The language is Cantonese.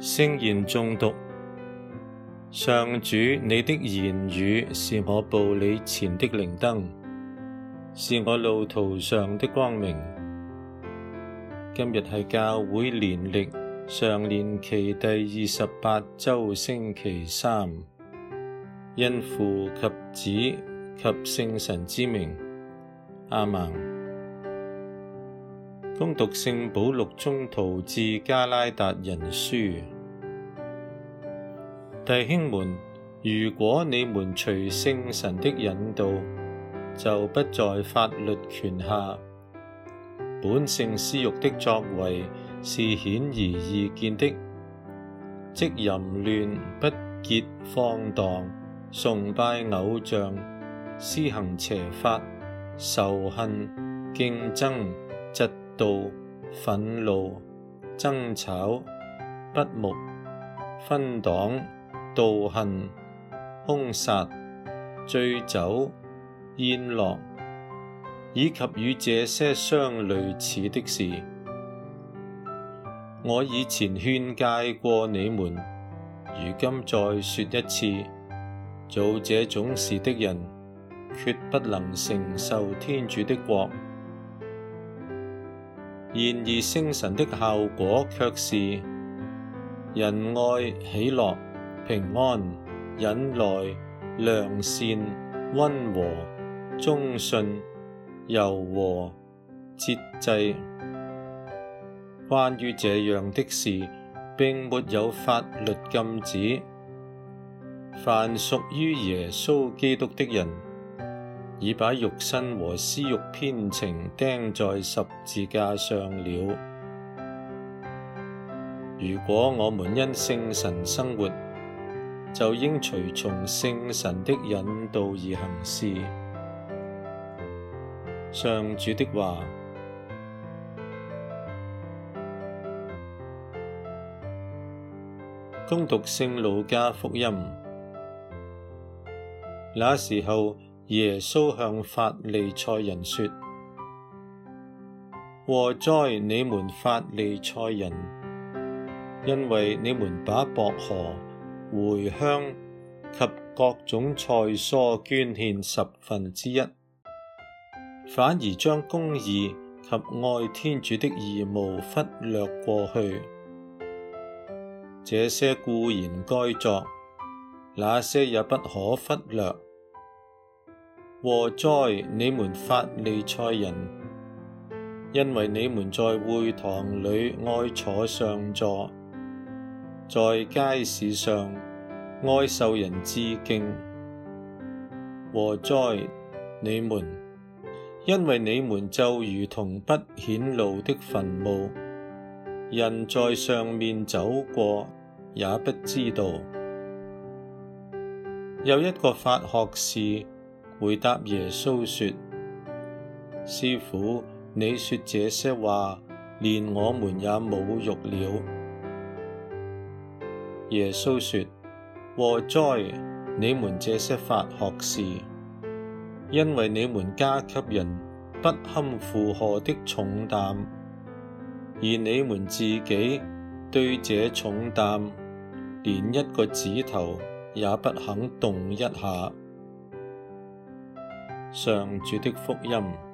聖言誦讀，上主，你的言語是我步履前的靈燈，是我路途上的光明。今日係教會年曆常年期第二十八周星期三，因父及子及聖神之名，阿門。恭讀聖保祿宗徒致迦拉達人書，弟兄們，如果你們隨聖神的引導，就不在法律權下，本性私欲的作為是顯而易見的，即淫亂、不潔、放蕩、崇拜偶像、施行邪法、仇恨、競爭、嫉。道忿怒、爭吵、不睦、分黨、妒恨、兇殺、醉酒、宴樂，以及與這些相類似的事，我以前勸戒過你們，如今再說一次：做這種事的人，決不能承受天主的國。然而，聖神的效果卻是仁愛、喜樂、平安、忍耐、良善、溫和、忠信、柔和、節制。關於這樣的事，並沒有法律禁止。凡屬於耶穌基督的人。已把肉身和私慾偏情釘在十字架上了。如果我們因聖神生活，就應隨從聖神的引導而行事。上主的話。恭讀聖路加福音。那時候。耶穌向法利塞人說：禍哉，你們法利塞人！因為你們把薄荷、茴香及各種菜蔬捐獻十分之一，反而將公義及愛天主的義務忽略過去。這些固然該作，那些也不可忽略。禍哉，你們法利賽人，因為你們在會堂裏愛坐上座，在街市上愛受人致敬。禍哉，你們，因為你們就如同不顯露的墳墓，人在上面走過也不知道。有一個法學士。回答耶穌說：師傅，你說這些話，連我們也侮辱了。耶穌說：禍哉！你們這些法學士，因為你們加給人不堪負荷的重擔，而你們自己對這重擔連一個指頭也不肯動一下。上主的福音。